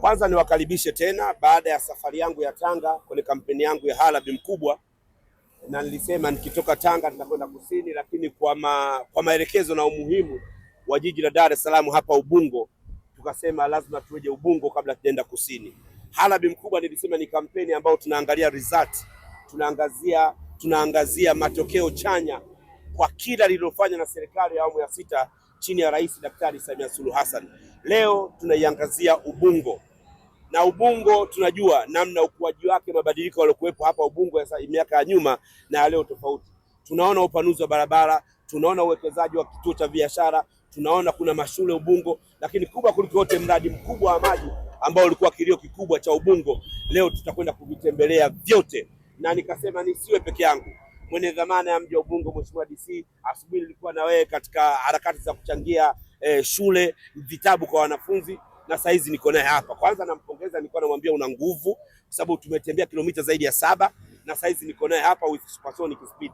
Kwanza niwakaribishe tena baada ya safari yangu ya Tanga kwenye kampeni yangu ya Halabi Mkubwa, na nilisema nikitoka Tanga nitakwenda kusini, lakini kwa, ma, kwa maelekezo na umuhimu wa jiji la Dar es Salaam hapa Ubungo, tukasema lazima tueje Ubungo kabla tujaenda kusini. Halabi Mkubwa nilisema ni kampeni ambayo tunaangalia result, tunaangazia tunaangazia matokeo chanya kwa kila lililofanywa na serikali ya awamu ya sita chini ya Rais Daktari Samia Suluhu Hassan. Leo tunaiangazia Ubungo na Ubungo tunajua namna ukuaji wake, mabadiliko yaliokuwepo hapa Ubungo miaka ya nyuma na leo tofauti. Tunaona upanuzi wa barabara, tunaona uwekezaji wa kituo cha biashara, tunaona kuna mashule Ubungo, lakini kubwa kuliko yote, mradi mkubwa wa maji ambao ulikuwa kilio kikubwa cha Ubungo, leo tutakwenda kuvitembelea vyote, na nikasema nisiwe peke yangu mwenye dhamana ya mji wa Ubungo, Mheshimiwa DC, asubuhi nilikuwa na wewe katika harakati za kuchangia eh, shule, vitabu kwa wanafunzi na hizi niko naye hapa. Kwanza nampongeza, nilikuwa namwambia una nguvu, kwa sababu tumetembea kilomita zaidi ya saba na hizi niko naye hapa with supersonic speed.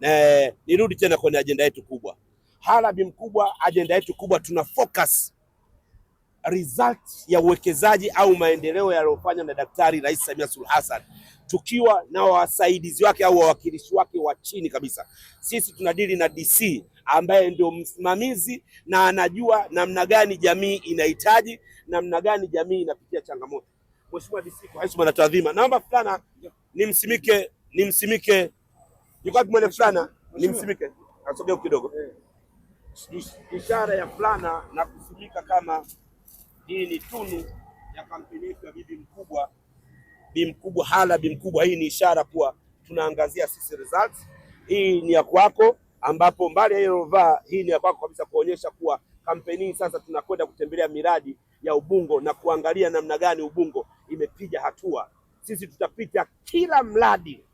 Na eh, nirudi tena kwenye ajenda yetu kubwa, Halabi mkubwa, ajenda yetu kubwa tuna focus result ya uwekezaji au maendeleo yaliyofanywa na Daktari Rais Samia Suluhu Hassan, tukiwa na wasaidizi wake au wawakilishi wake wa chini kabisa. Sisi tunadili na DC ambaye ndio msimamizi na anajua namna gani jamii inahitaji, namna gani jamii inapitia changamoto. Mheshimiwa DC, kwa heshima na taadhima, naomba fulana nimsimike, nimsimike. Yuko wapi mwene fulana? Nimsimike, asogea kidogo, ishara ya fulana na kusimika kama hii ni tunu ya kampeni yetu ya Bibi Mkubwa, bibi Mkubwa Hala, bibi Mkubwa. Hii ni ishara kuwa tunaangazia sisi results. Hii ni ya kwako ambapo mbali ya ilovaa hii ni ya kwako kabisa kuonyesha kuwa kampeni hii sasa tunakwenda kutembelea miradi ya Ubungo na kuangalia namna gani Ubungo imepiga hatua. Sisi tutapita kila mradi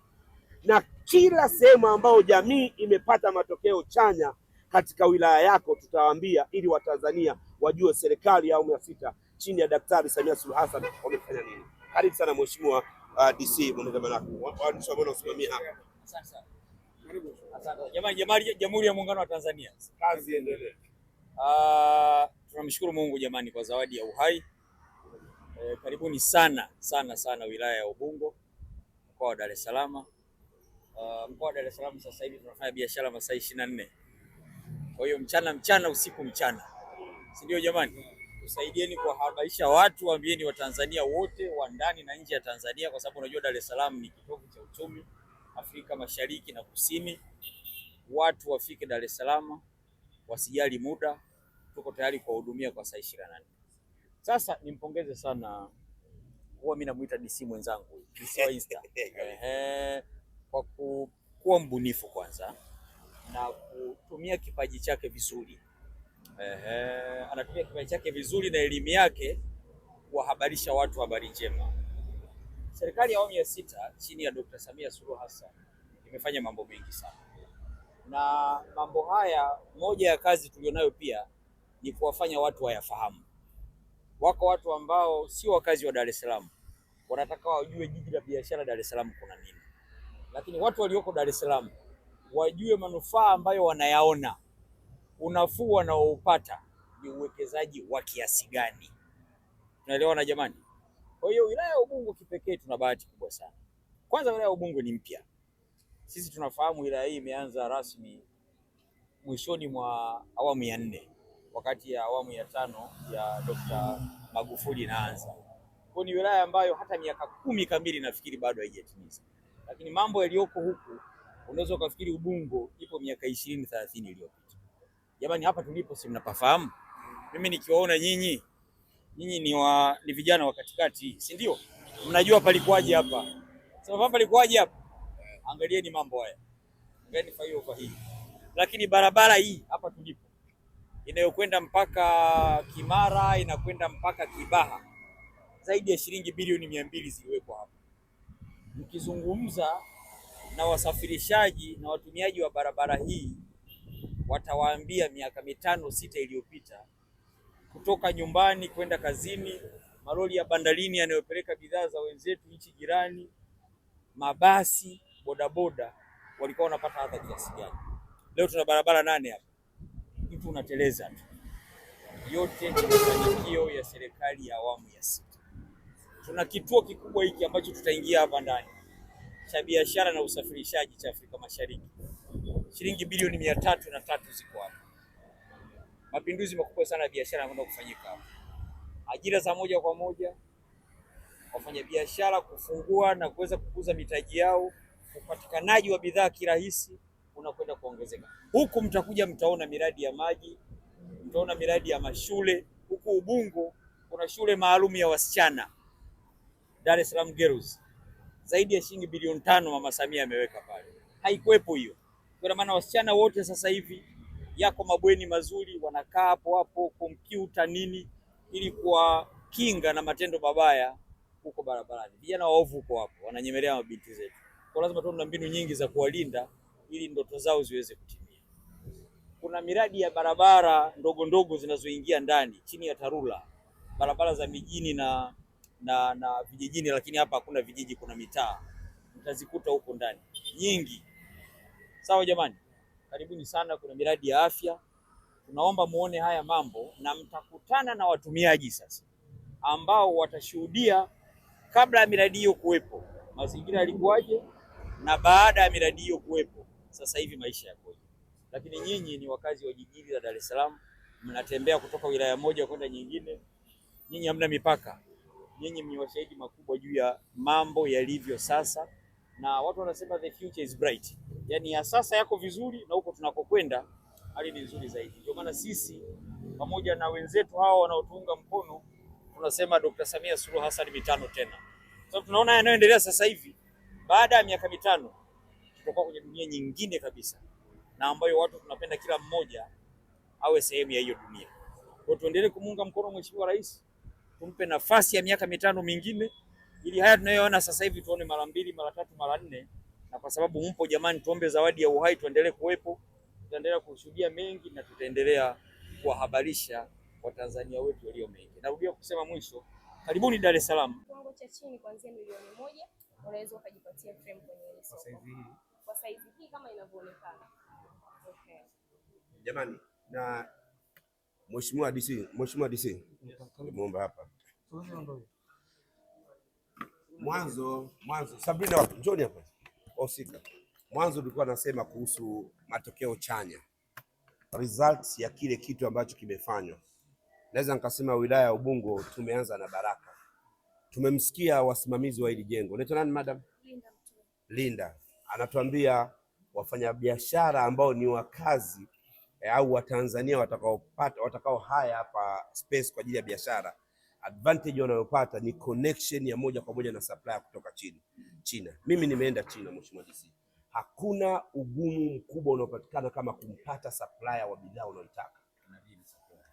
na kila sehemu ambayo jamii imepata matokeo chanya katika wilaya yako, tutawaambia ili Watanzania wajue serikali ya awamu ya sita chini ya Daktari Samia Suluhu Hassan wamefanya nini. Karibu sana Mheshimiwa uh, DC mwanadamu wako usimamia hapa. Jamani, Jamhuri ya Muungano wa Tanzania, kazi iendelee. Uh, tunamshukuru Mungu jamani kwa zawadi ya uhai. E, karibuni sana sana sana wilaya ya Ubungo, mkoa wa Dar es Salaam. Uh, mkoa wa Dar es Salaam sasa hivi tunafanya biashara masaa ishirini na nne. Kwa hiyo mchana mchana, usiku mchana, si ndio jamani? Tusaidieni kuwahabarisha watu, waambieni Watanzania wote wa ndani na nje ya Tanzania, kwa sababu unajua Dar es Salaam ni kitovu cha uchumi Afrika Mashariki na Kusini. Watu wafike Dar es Salaam, wasijali muda, tuko tayari kuwahudumia kwa saa ishirini na nane. Sasa nimpongeze sana, huwa mimi namuita DC mwenzangu DC wa Insta ehe, kwa kuwa mbunifu kwanza na kutumia kipaji chake vizuri. Ehe, anatumia kipaji chake vizuri na elimu yake kuwahabarisha watu habari njema. Serikali ya awamu ya sita chini ya Dr. Samia Suluhu Hassan imefanya mambo mengi sana, na mambo haya, moja ya kazi tulionayo pia ni kuwafanya watu wayafahamu. Wako watu ambao sio wakazi wa Dar es Salaam, wanataka wajue jiji la biashara Dar es Salaam kuna nini, lakini watu walioko Dar es Salaam wajue manufaa ambayo wanayaona, unafuu wanaoupata ni uwekezaji wa kiasi gani. Tunaelewana jamani? Kwa hiyo wilaya ya Ubungo kipekee tuna bahati kubwa sana. Kwanza wilaya ya Ubungo ni mpya. Sisi tunafahamu wilaya hii imeanza rasmi mwishoni mwa awamu ya nne wakati ya awamu ya tano ya Dr. Magufuli inaanza. Kwa ni wilaya ambayo hata miaka kumi kamili nafikiri bado haijatimiza, lakini mambo yaliyoko huku unaweza ukafikiri Ubungo ipo miaka ishirini thelathini iliyopita. Jamani, hapa tulipo si mnapafahamu? Mimi nikiwaona nyinyi nyinyi ni, wa, ni vijana wa katikati, si ndio? Mnajua palikuwaje hapa, sasa palikuwaje hapa. Angalieni mambo haya, angalieni flyover hii, lakini barabara hii hapa tulipo inayokwenda mpaka Kimara inakwenda mpaka Kibaha, zaidi ya shilingi bilioni mia mbili ziliwekwa hapa. Mkizungumza na wasafirishaji na watumiaji wa barabara hii watawaambia miaka mitano sita iliyopita kutoka nyumbani kwenda kazini, malori ya bandarini yanayopeleka bidhaa za wenzetu nchi jirani, mabasi, bodaboda walikuwa wanapata adha kiasi gani? Leo tuna barabara nane hapa, mtu unateleza tu. Yote ni mafanikio ya serikali ya awamu ya sita. Tuna kituo kikubwa hiki ambacho tutaingia hapa ndani cha biashara na usafirishaji cha Afrika Mashariki, shilingi bilioni mia tatu na tatu ziko hapa mapinduzi makubwa sana ya biashara yanakwenda kufanyika hapa, ajira za moja kwa moja, wafanyabiashara kufungua na kuweza kukuza mitaji yao, upatikanaji wa bidhaa kirahisi unakwenda kuongezeka. Huku mtakuja mtaona miradi ya maji, mtaona miradi ya mashule. Huku Ubungo kuna shule maalum ya wasichana Dar es Salaam Girls, zaidi ya shilingi bilioni tano Mama Samia ameweka pale, haikuwepo hiyo. Kwa maana wasichana wote sasa hivi yako mabweni mazuri, wanakaa hapo hapo, kompyuta nini, ili kuwakinga na matendo mabaya huko barabarani. Vijana waovu huko hapo wananyemelea mabinti zetu, kwa lazima tuwe na mbinu nyingi za kuwalinda ili ndoto zao ziweze kutimia. Kuna miradi ya barabara ndogo ndogo zinazoingia ndani chini ya TARURA, barabara za mijini na na, na vijijini, lakini hapa hakuna vijiji, kuna mitaa, mtazikuta huko ndani nyingi. Sawa jamani karibuni sana. Kuna miradi ya afya, tunaomba muone haya mambo na mtakutana na watumiaji sasa, ambao watashuhudia kabla ya miradi hiyo kuwepo mazingira yalikuwaje, na baada ya miradi hiyo kuwepo sasa hivi maisha yakoje. Lakini nyinyi ni wakazi wa jiji la Dar es Salaam, mnatembea kutoka wilaya moja kwenda nyingine, nyinyi hamna mipaka. Nyinyi ni washahidi makubwa juu ya mambo yalivyo sasa, na watu wanasema the future is bright yani ya sasa yako vizuri na huko tunakokwenda hali ni nzuri zaidi. Ndio maana sisi pamoja na wenzetu hao wanaotuunga mkono tunasema Dr. Samia Suluhu Hassan mitano tena, kwa tunaona yanayoendelea sasa hivi, baada ya miaka mitano tutakuwa kwenye dunia nyingine kabisa, na ambayo watu tunapenda kila mmoja awe sehemu ya hiyo dunia. Kwa tuendelee kumuunga mkono Mheshimiwa Rais, tumpe nafasi ya miaka mitano mingine, ili haya tunayoona sasa hivi tuone mara mbili, mara tatu, mara nne na kwa sababu mpo jamani, tuombe zawadi ya uhai, tuendelee kuwepo, tutaendelea kushuhudia mengi na tutaendelea kuwahabarisha Watanzania wetu walio mengi. Narudia kusema mwisho, karibuni Dar es Salaam. Kiwango cha chini kuanzia milioni moja unaweza ukajipatia frame kwenye hili soko kwa saizi hii kama inavyoonekana. Okay. Jamani na Mheshimiwa DC, Mheshimiwa DC. Muomba hapa. Mwanzo, mwanzo. Sabrina wapi? Njoni hapa wahusika. Mwanzo tulikuwa nasema kuhusu matokeo chanya, results ya kile kitu ambacho kimefanywa. Naweza nikasema wilaya ya Ubungo tumeanza na baraka. Tumemsikia wasimamizi wa hili jengo, unaitwa nani madam? Linda, Linda anatuambia wafanyabiashara ambao ni wakazi eh, au Watanzania watakao watakao haya hapa space kwa ajili ya biashara advantage wanayopata ni connection ya moja kwa moja na supplier kutoka chini China. Mimi nimeenda China, Mheshimiwa DC, hakuna ugumu mkubwa unaopatikana kama kumpata supplier wa bidhaa unayotaka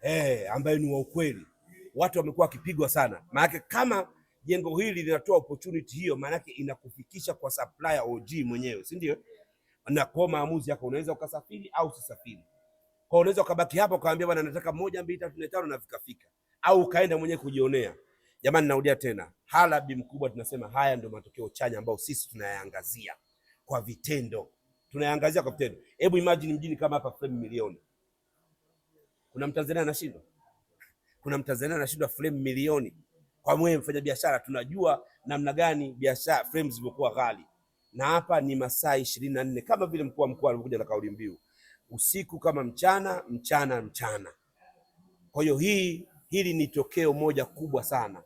eh, hey, ambayo ni wa ukweli. Watu wamekuwa wakipigwa sana, Maana kama jengo hili linatoa opportunity hiyo, maana inakufikisha kwa supplier OG mwenyewe, si ndio? Na kwa maamuzi yako unaweza ukasafiri au usisafiri, kwa unaweza ukabaki hapo ukaambia bwana, nataka moja mbili tatu nne tano na vikafika au ukaenda mwenyewe kujionea. Jamani, narudia tena, halabi mkubwa, tunasema haya ndio matokeo chanya ambayo sisi tunayaangazia kwa vitendo, tunayaangazia kwa vitendo. Hebu imagine mjini kama hapa frame milioni, kuna mtanzania anashindwa? Kuna mtanzania anashindwa frame milioni? Kwa mwe mfanya biashara, tunajua namna gani biashara frame zilivyokuwa ghali, na hapa ni masaa ishirini na nne kama vile mkuu wa mkoa alivyokuja na kauli mbiu usiku kama mchana, mchana mchana. Kwa hiyo hii hili ni tokeo moja kubwa sana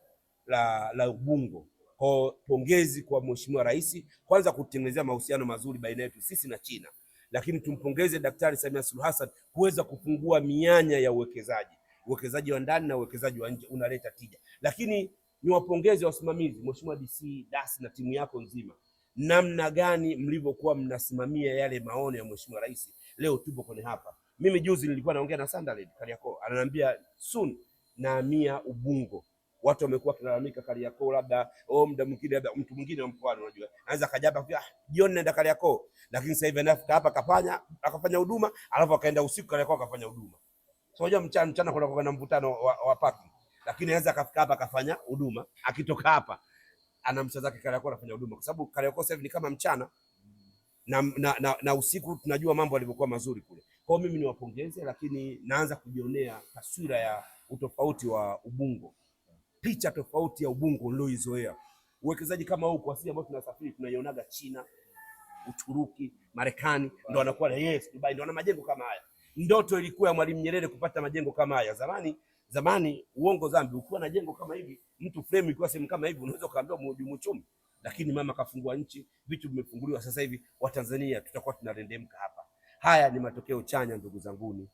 la, la Ubungo. Kwa pongezi kwa Mheshimiwa Rais kwanza kutengenezea mahusiano mazuri baina yetu sisi na China, lakini tumpongeze Daktari Samia Suluhu Hassan kuweza kufungua mianya ya uwekezaji, uwekezaji wa ndani na uwekezaji wa nje unaleta tija. Lakini niwapongeze wasimamizi, Mheshimiwa DC Das na timu yako nzima, namna gani mlivyokuwa mnasimamia yale maono ya Mheshimiwa Rais. Leo tupo kwenye hapa, mimi juzi nilikuwa naongea na Sandalid Kariakoo, ananiambia soon naamia Ubungo. Watu wamekuwa wakilalamika Kariakoo, labda oh, muda mwingine labda mtu mwingine wa unajua anaweza kaja hapa kwa ah, jioni naenda Kariakoo, lakini sasa hivi anafika hapa kafanya akafanya huduma, alafu akaenda usiku Kariakoo akafanya huduma. So unajua mchana mchana kuna kuna mvutano wa, wa parking, lakini anaweza akafika hapa akafanya huduma, akitoka hapa ana msa zake Kariakoo anafanya huduma, kwa sababu Kariakoo sasa hivi ni kama mchana na, na, na, na usiku tunajua mambo yalivyokuwa mazuri kule. Kwa hiyo mimi niwapongeze, lakini naanza kujionea taswira ya utofauti wa Ubungo, picha tofauti ya Ubungo nilioizoea. Uwekezaji kama huu kwa sisi ambao tunasafiri tunaionaga China, Uturuki, Marekani ndo wanakuwa na yes, Dubai ndo wana majengo kama haya. Ndoto ilikuwa ya Mwalimu Nyerere kupata majengo kama haya zamani. Zamani uongo zambi, ukiwa na jengo kama hivi, mtu frame ilikuwa sehemu kama hivi, unaweza kaambia mhudumu uchumi, lakini mama kafungua nchi, vitu vimefunguliwa. Sasa hivi Watanzania tutakuwa tunarendemka hapa. Haya ni matokeo chanya, ndugu zanguni.